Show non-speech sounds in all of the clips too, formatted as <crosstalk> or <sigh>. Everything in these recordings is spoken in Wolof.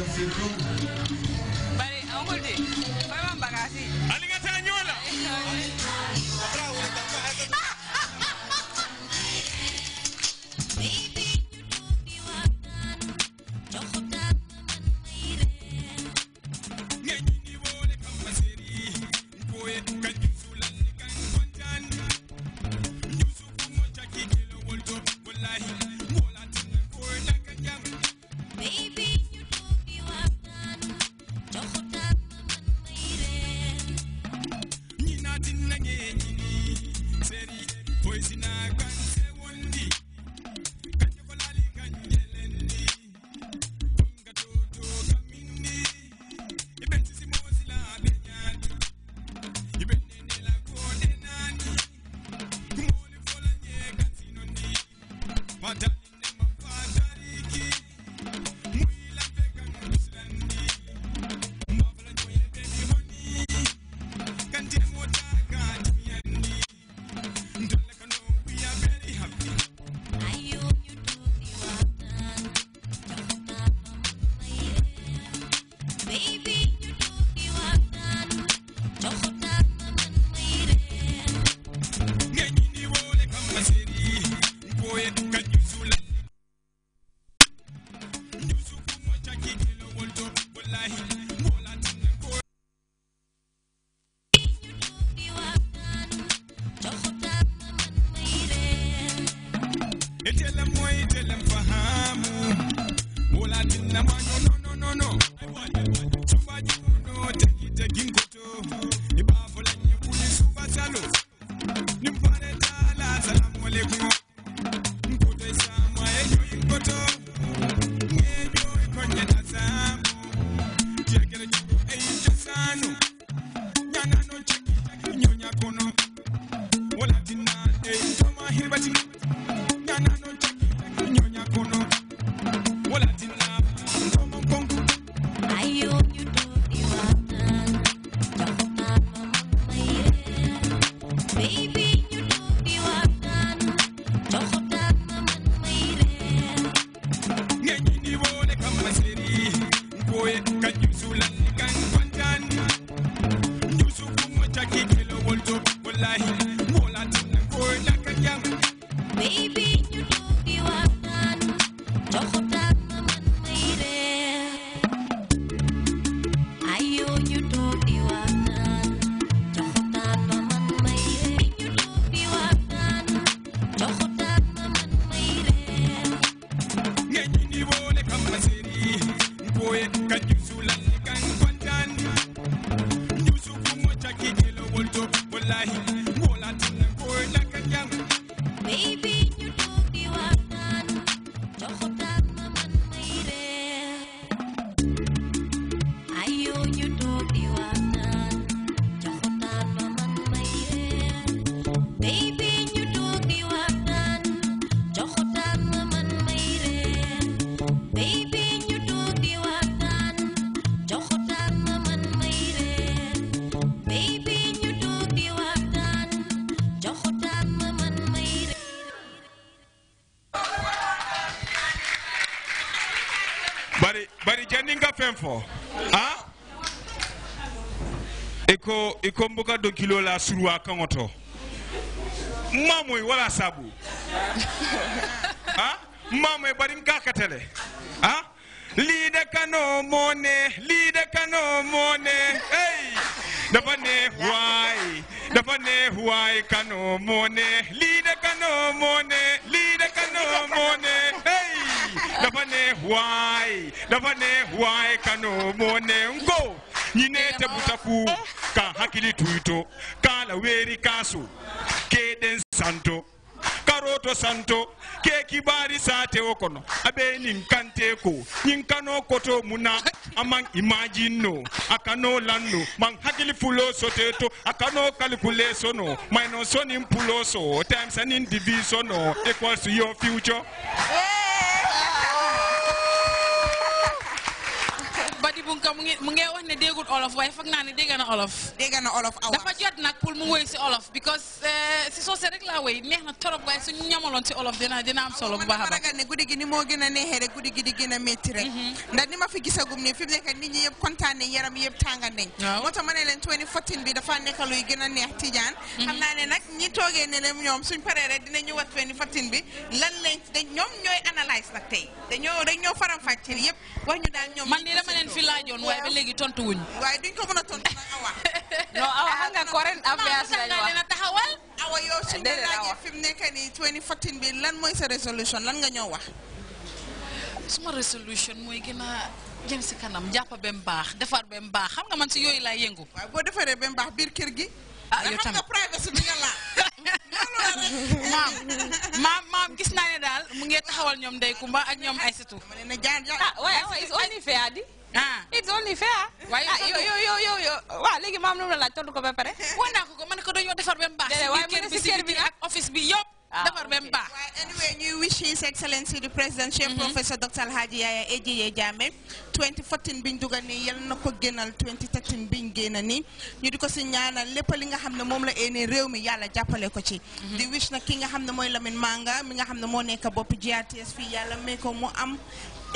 Bari an kulte, akwai man bagasi. pois e na a no. Like. bari bari jani nga fɛn fɔ han i ko i ko n bɔ ka don kilo la suruwa kɔngɔtɔ n m'a mɔ ye wala sabu han n m'a mɔ ye bari n k'a ka tɛlɛ han liide kano mone liide kano mone hey dafa neex waay dafa neex waay kano mone liide kano mone liide kano mone davane neex davane dafa kano mone ngo nyine te butafu eh? ka hakili tuito ka laweri kasu ke santo karoto santo ke kibari sate wo kono abe nin kante ko nin kano koto muna aman imagine no akano lanno man hakili fulo teto akano calculation no minus on impuloso times an division no equals to your future eh? mu ngi mu ngi wax ne déggul olof waaye foog naa ne dégg na olof. dégg na olof awa dafa jot nag pour mu wéy si olof because eh, si soose rek laa wéy neex na torop waaye suñu ñamaloon si olof dina dina am solo bu baax a baax. ragal ne guddi gi ni moo gën a neexee rek guddi gi di gën a métti rek. Mm-hmm. ndax ni ma fi gisagum ne fi nekk nit yëpp kontaan yaram yëpp tàngal nañ. waaw moo tax ma ne leen bi dafa nekk luy gën a neex Tijaan. Mm-hmm. xam naa ne nag ñi toogee ne leen ñoom suñ paree rek dinañu ñu daal Wah, ba léegi tontu wuñu waaye duñ ko mën a tontu nag awa non awa xam nga current affairs lañu wax na taxawal awa yow suñ la laajee nekk 2014 bi lan mooy sa résolution lan nga ñëw wax suma résolution mooy gën a jëm si kanam jàpp ba baax defar ba mu baax xam nga man si yooyu laay yëngu waaw boo defaree ba baax kër gi ah yo tamit privacy bi nga laal maam maam maam gis naa ne daal mu ngi taxawal Kumba ak ñoom Aïssatou ah waaye it's only fair di ah it's only fair. waaye yow yow léegi maam lu mu la laaj tontu ko ba pare. <laughs> wan naa ko ko man ko dañoo defar ba mu baax. waaye mu ne si kër bi ak office bi yëpp. Ah, defar ba mu baax. waaye anyway ñuy wish his excellency the president chef mhm. professeur docteur Alhaji Yaya AJJ Jammeh 2014 biñ dugal nii yal na ko génnal 2013 biñ génn nii ñu di ko si ñaanal lépp li nga xam ne moom la éenee réew mi yàlla jàppale ko ci mhm. di wish na ki nga xam ne mooy Lamine Manga mi nga xam ne moo nekk bopp GRTS fii yàlla may ko mu am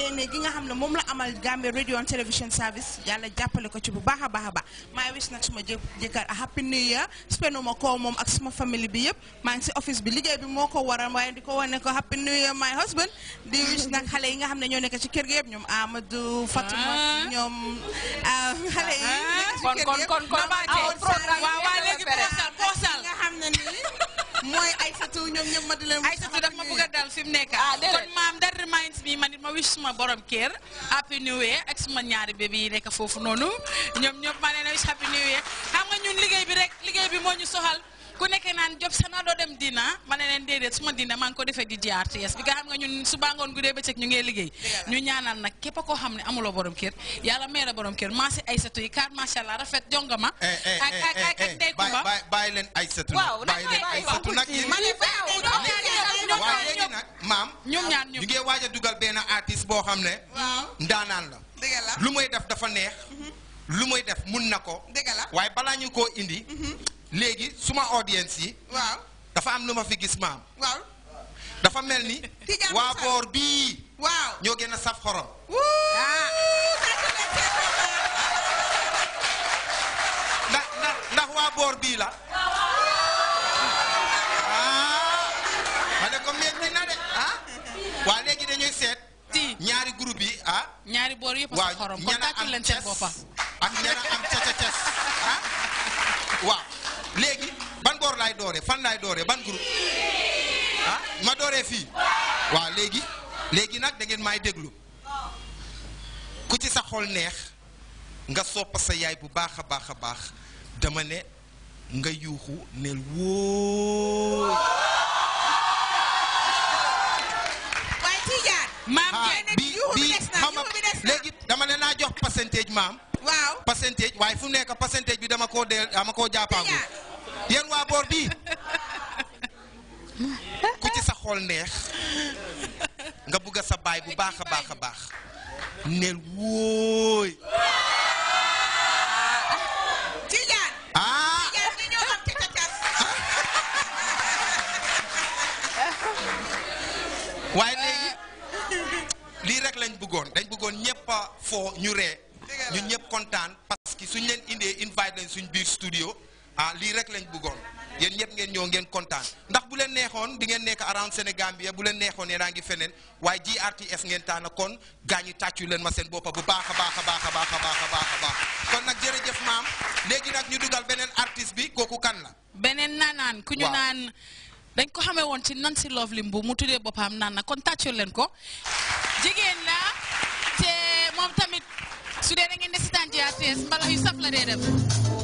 ene gi nga xam ne moom la amal Gambia radio and television service yàlla jàppale ko ci bu baax a baax a baax maa wis nag suma jëkkër a happy new year spenuma koo moom ak suma famille bi yëpp maa ngi si office bi liggéey bi moo ko waral waaye di ko wane ko happy new year my husband di wis nag xale yi nga xam ne ñoo nekk ci kër gi yëpp ñoom Amadou Fatuma ah. ñoom ah, xale yi ah. kon kon kon kon mooy Aysatu ñoom ñoom ma di leen. Aysatu daf ma bëgg a dal fi mu nekk. Ah, kon maam that reminds me man it ma wish ma borom kër. happy new year ak suma ñaari bébé yi nekk foofu noonu ñoom ñoom maa leen a wish happy new year xam nga ñun liggéey bi rek liggéey bi moo ñu soxal. ku nekkee naan job sana doo dem diina ma ne leen déedéet ma diina maa ngi ko defee di GRTS bi nga xam nga ñun suba ngoon guddee bëccëg ñu ngee liggéey ñu ñaanal nag képp koo xam ne amuloo borom kër yàlla meera borom kër maa si aysatu yi kaar macha allah rafet jongama eh, eh, eh, ak ak ak ak day kumba bàyyi leen aysatu waaw bàyyi leen aysatu nag waaw léegi nag maam ñoom ñaar ñu ngee waaj a dugal benn artiste boo xam ne ndaanaan la lu muy def dafa neex mhm. lu muy def mun na ko waaye balaa ñu koo indi mhm. léegi suma audience yi. waaw dafa am luma fi gis maam. waaw dafa melni ni. waa boor bii. waaw ñoo gën saf xorom. <laughs> ndax ndax ndax waa boor bii la. ah ma ne ah. dañuy seet. ñaari groupe yi ah. ñaari boor yëpp a xorom kon tàcc leen seen boppam ak ñana am doore fan laay doore ban groupe ah ma dooree fii waaw léegi léegi nag da ngeen maay déglu ku ci sa xol neex nga sopp sa yaay bu baax a baax a baax dama ne nga yuuxu neel wóoy waaye Tidiane maam ah, bi bi xam léegi dama ne naa jox pourcentage maam waaw pourcentage waaye fu nekk pourcentage bi dama koo dee dama koo jàppaangu yéen waa boor bii ku ci sa xool neex nga bugg a sa baay bu baax a baax a baax neel wóoy. Ah. waaye léegi lii rek lañ buggoon dañ bëggoon ñëpp foo ñu ree ñu ñëpp kontaan parce suñ leen indee invite lañ suñ biir studio ah lii rek lañ bëggoon yéen ñëpp ngeen ñëw ngeen kontaan ndax bu leen neexoon di ngeen nekk around Sénégambia bu leen neexoon yéen a ngi feneen waaye GRTS ngeen taana kon gaa ñi tàccu leen ma seen boppa bu baax a baax a baax a baax a baax a kon nag jërëjëf maam léegi nag ñu dugal beneen artiste bi kooku kan la. beneen naanaan ku ñu naan dañ ko xame woon ci Nancy Lovely Mbu mu boppa boppam naan na kon tàccu leen ko jigéen la te moom tamit su dee da ngeen di si tànn GRTS mbalax yu saf